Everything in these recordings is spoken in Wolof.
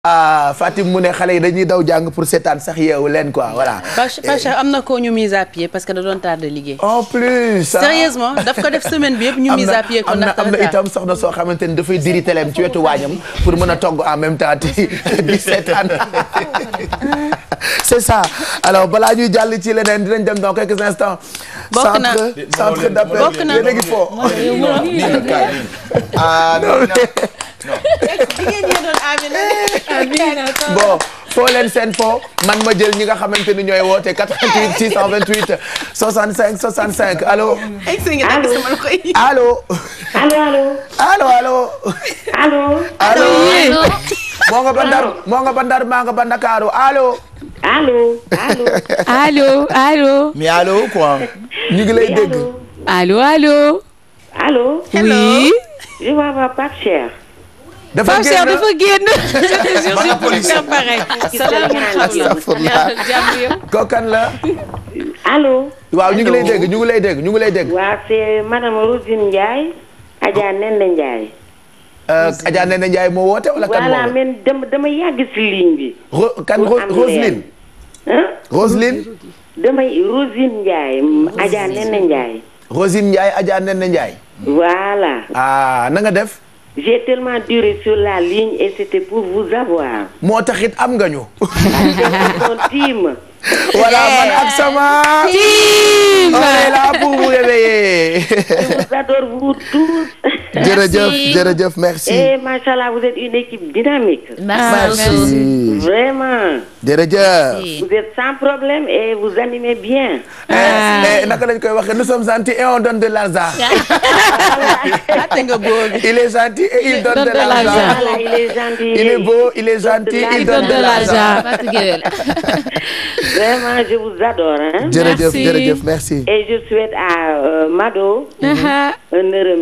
ah Fatim mu ne xale yi dañuy daw jàng pour setaan sax yeewu leen quoi voilà. Pacha am na ko ñu mise à pied parce que da doon tardé liggéey. en plus. Ah. sérieusement daf ko def semaine bi yëpp ñu mise à pied. ko ndax am na itam soxna soo xamante ni dafay diri teleem ci wetu waañam pour mën a togg en même temps di seetaan. c'est ça alors balaa ñuy jàll ci leneen dinañ dem dans quelques instants. bokk na centre d'appel bon. foo leen seen foo man ma jël ñi nga xamante ni ñooy woote 88 628 65 65 allo. allo. allo allo. allo allo. allo. moo nga ba Ndar moo nga ba Ndar maa nga ba Ndakaaru allo. allo allo. alo allo. mais allo quoi. ñu ngi lay dégg. alo allo. allo. hello oui. je vois ma Pape Cheikh. dafa génn dafa génn. ma la police kooku kan la. allo. waaw ñu ngi la dégg ñu ngi lay dégg ñu ngi lay dégg. waaw c'est madame Rosine Euh, Adja Ndeye Ndiaye moo woote wala kan moo voilà man dama dama yàgg si ligne bi. kan Roseline. Roseline. damay Rosine Ndiaye Adja Ndeye Ndiaye. Rosine Ndiaye Adja Ndeye Ndiaye. voilà. ah na def. j'ai tellement duré sur la ligne et c'était pour vous avoir. moo taxit am nga ñu. team. voilà man eh, ak sama. team. on est là pour vous réveiller. vous adore vous tous. jërëjëf jërëjëf merci et eh, macha allah vous êtes une équipe dynamique. merci merci. vraiment. vous êtes sans problème et vous animez bien. Eh, eh, naka lañ koy waxee nous sommes gentils et on donne de l'argent. il est gentil et il donne de l'argent. il est gentil. il est gentil il donne de l'argent. vraiment je vous adore hein. jërëjëf jërëjëf merci. je souhaite à euh, Mado. Uh-huh. un heureux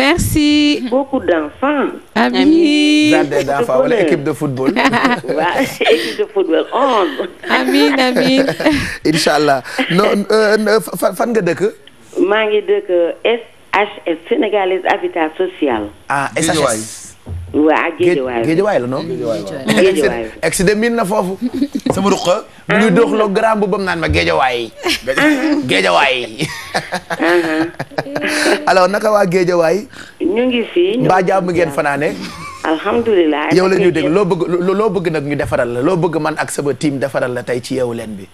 merci. beaucoup d'enfants. amiin jardin d'enfants wala équipe de de football onze. amiin amiin. incha allah non euh, euh, fan fan nga dëkk. maa ngi dëkk SHS sénégalaise habitat social. ah SHS. waa géejewaay géejewaay la noonu. géejewaay la excédé miin na foofu. sama ruq. Ah, mu ngi doxloo grand bu bam naan ma géejewaay. Ah. géejewaay. Ah. alors naka waa géejewaay. ñu ngi fi. mbaa jàmm ngeen fanaane. alhamdulilah. yow la ñuy dégg loo bëgg loo bëgg nag ñu defaral la loo bëgg man ak sama tiim defaral la tey ci yeewu leen bi.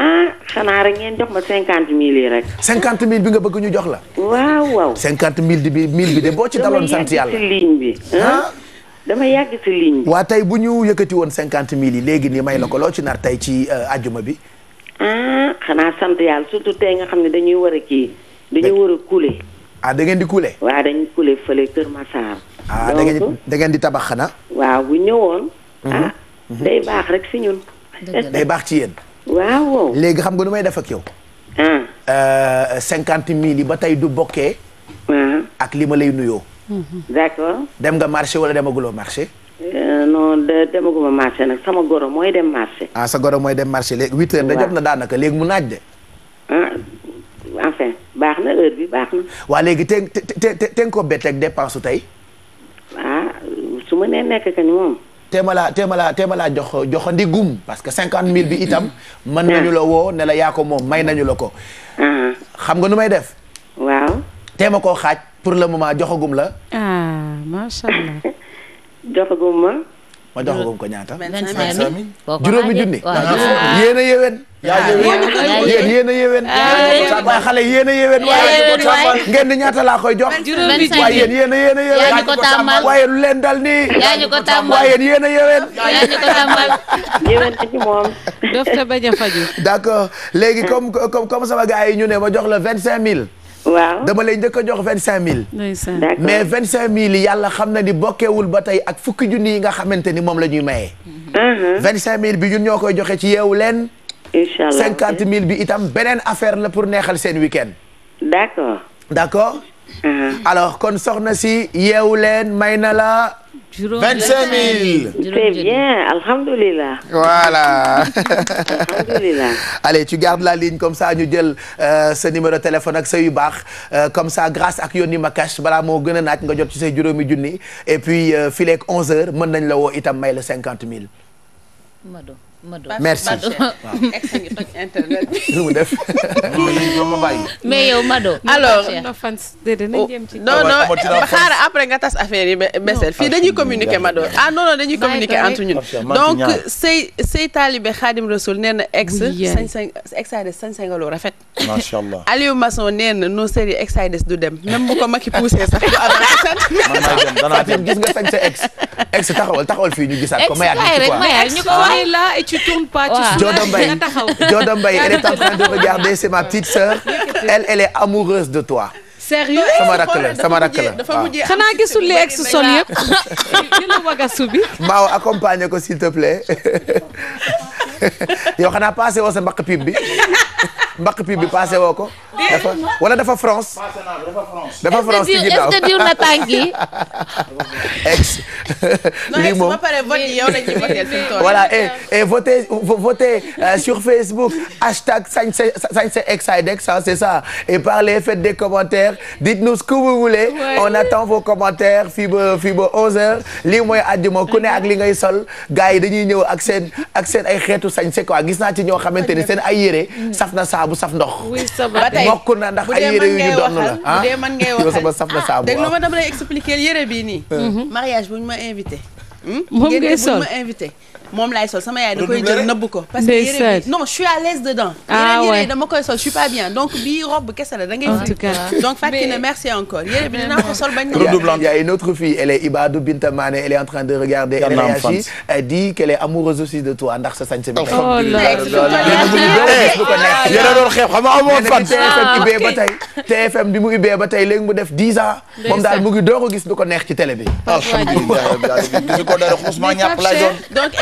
ah xanaa rek ngeen jox ma cinquante mille yi rek. cinquante mille bi nga bëgg ñu jox la. waaw waaw. cinquante mille bi mille bi de boo ci daloon sant yàlla. ligne bi dama yàgg ci ligne waa tey bu ñu yëkkati woon cinquante mille yi léegi ni may la ko loo ci nar tey ci ajjuma euh, bi. ah xanaa sant yàlla surtout tey nga xam ne dañuy war a kii dañuy war a kuule. ah da ngeen di kuule. waaw dañuy kuule ah, da ngeen di da ngeen di tabax xanaa. waaw bu ñëwoon. Mhm, ah mhm. day baax rek si ñun. day baax ci yéen. waaw. léegi xam nga nu may def ak yow. ah. Euh, cinquante mille yi ba tey du bokkee. Ah. ak li ma lay nuyoo. Mm-hmm. d' accord. dem nga marché wala demaguloo marché. Euh, non de demaguma marché nag sama goro mooy dem marché. Ah, sa goro mooy dem marché léegi huit heures da na daanaka léegi mu naaj de. ah enfin baax na heure bi baax na. waa léegi te te te te nga ko bett ak dépense su tey. Ah, su ma nee nekk que ni moom. téema laa téema laa téema laa jox joxandi gum parce que cinquante mille bi itam. man ah. nañu la woo ne yaa ko moom may nañu la ko. xam nga nu may def. waaw. teema koo xaaj pour le moment joxagum la. ah macha ma. joxagum ko ñaata. juróomi ah, junni. yéen a yéwén. yaa ah, yéwén yéen a yéwén. Ah, waaye xale ngeen di ñaata laa koy jox. juróomi junni waaye yéen a yéen a yéwén. yaa ñu ko tàmmal waaye lu leen dal nii. yaa ñu ko tàmmal waaye yéen a yéwén. yaa ñu ko tàmmal. yéwén ci moom. dofta faju. d'accord léegi comme comme comme sama yi ñu ne ma jox la vingt cinq mille waaw dama lay njëkk a jox vingt cinq mille mais vingt cinq mille yàlla xam na ni bokkeewul ba tey ak fukki junni yi nga xamante ni moom la ñuy maye mm-hmm. vingt cinq mille bi ñun ñoo koy joxe ci yeewu leen incha allah mille bi itam beneen affaire la pour neexal seen week-end d'accord d'accord mm-hmm. alors kon soxna si yeewu leen may na la vingt-cinq mille c'est bien alhamdulilah. voilà. tu gardes la ligne comme ça ñu jël euh, sa numéro téléphone ak sa yu baax euh, comme ça grâce ak yónni ma cash balaa moo gën a naaj nga jot ci say juróomi junni et puis euh, fileeg 11h mën nañ la woo itam may la cinquante mille. merci internet mu def mais yow Mado. alors oh, non non xaaral après nga tas affaire yi beseel fii dañuy communiqué Mado ah non non dañuy communiquer entre ñun donc say say taalibe Xaadim Rasul nee ex sañ-sañ exades sañ-sañ lu rafet macha allah Aliou Masson nee na nos séries du dem même bu ko Macky poussé sax du avancé gis ex taxawal taxawal fii ñu gisaat ko mayaat ñu ko tu tournes pas. tu Jodo Mbaye Jodo Mbaye elle est en de regarder c'est ma petite sœur. elle elle amoureuse de toi. sérieux sama rakk la sama rakk la waaw xanaa gisul li ex sol yëpp li la accompagner ko s'il te plaît yow xanaa passé woo sa mbaq pib bi. mbaq pi bi passé woo ko. dafa wala dafa France. dafa France ci ginnaaw est-ce que diw na tànk yi. ex. lii moom voilà et et votez votez euh, sur Facebook hashtag sañse sañse Excidex c'est ça et parlez faites des commentaires dites-nous ce que vous voulez. on fii ba fii ba 11 lii mooy àjjuma ku ne ak li ngay sol gars yi dañuy ñëw ak seen ak seen ay xeetu sañse quoi gis naa ci ñoo xamante ni seen ay yére saf na sa saabu saf ndox. wuy saba ba tey mokk na ndax ay yére yu ñu doon la ah bu dee mën ngay waxal bu dee mën ngay waxal. dégg nga ah. ma dama lay expliquer yére bii nii. Mm-hmm. mariage bu ñu ma invité. Hmm? moom ngay sol ma invité moom laay sol sama yaay da koy jël nëbb ko parce que yére bi non je suis à l'aise dedans ah yeneen yére yi dama koy sol je suis pas bien donc bii robe kese la da ngay en tout cas donc Fatkine merci encore yére bi dinaa ko sol bañ na il y a une autre fille elle est Ibadou Binta Mané elle est en train de regarder LHJ elle dit qu'elle est amoureuse aussi de toi ndax sa sañ sa bi oh yéen a doon xeeb ah xam nga amoon fan TFM ubbee ba ah, tey TFM bi mu ubbee ba tey léegi mu def 10 ans moom daal mu ngi doog a gis lu ko neex ci télé bi ko dara xusuma ñàpp donc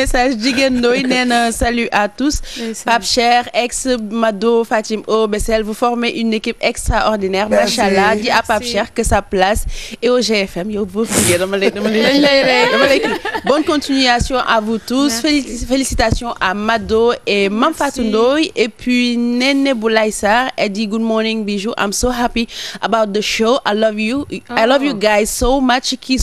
message jigéen ndooy nee na à tous Pape Cheikh ex Mado Fatim O Bessel vous formez une équipe extraordinaire machallah dis à Pape Cheikh que sa place et au GFM bonne continuation à vous tous félicitations à Mado et Mam Fatou et puis Nene Boulaye Sarr dit good morning bijou I'm so happy about the show I love you I love you oh. guys so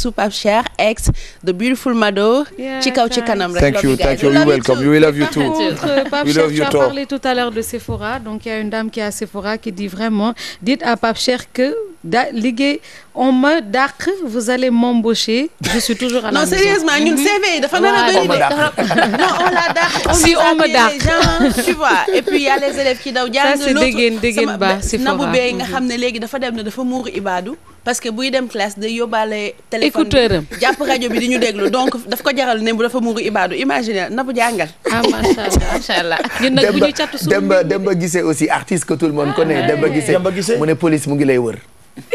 Youssou Pape Cheikh ex the beautiful Mado. ci kaw ci kanam rek. thank you thank you we welcome you we love you too. we love you too Pape Cheikh tu as parlé tout à l'heure de Sephora donc il y a une dame qui est à Sephora qui dit vraiment dites à Pape Cheikh que da liggéey on me dàq vous allez m'embaucher je suis toujours à la non sérieusement ñun mhm. CV yi dafa nar a bëri de. non on la dàq. si on me dàq gens tu vois et puis y a les élèves qui daw. jàng loolu ça c'est déggeen déggeen ba Sephora. nabu bee nga mhm. xam ne léegi dafa dem ne dafa muur ibaadu. parce que buy dem classe day yóbbaale. téléphone écouteur am jàpp rajo bi di ñu déglu donc daf ko jaral ne bu dafa muuru ibaadu imagine na bu jàngal. ah allah macha allah. ñun nag bu ñu catu suñu Demba aussi artiste que tout le monde ah, connaît. Demba Guissé Demba mu ne police mu ngi lay wër.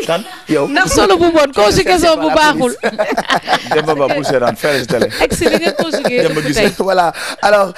kan yow ndax solo bu bon conjugaison bu baaxul. Demba Ba Boucherane Fere Télé. ex li nga conjugué voilà alors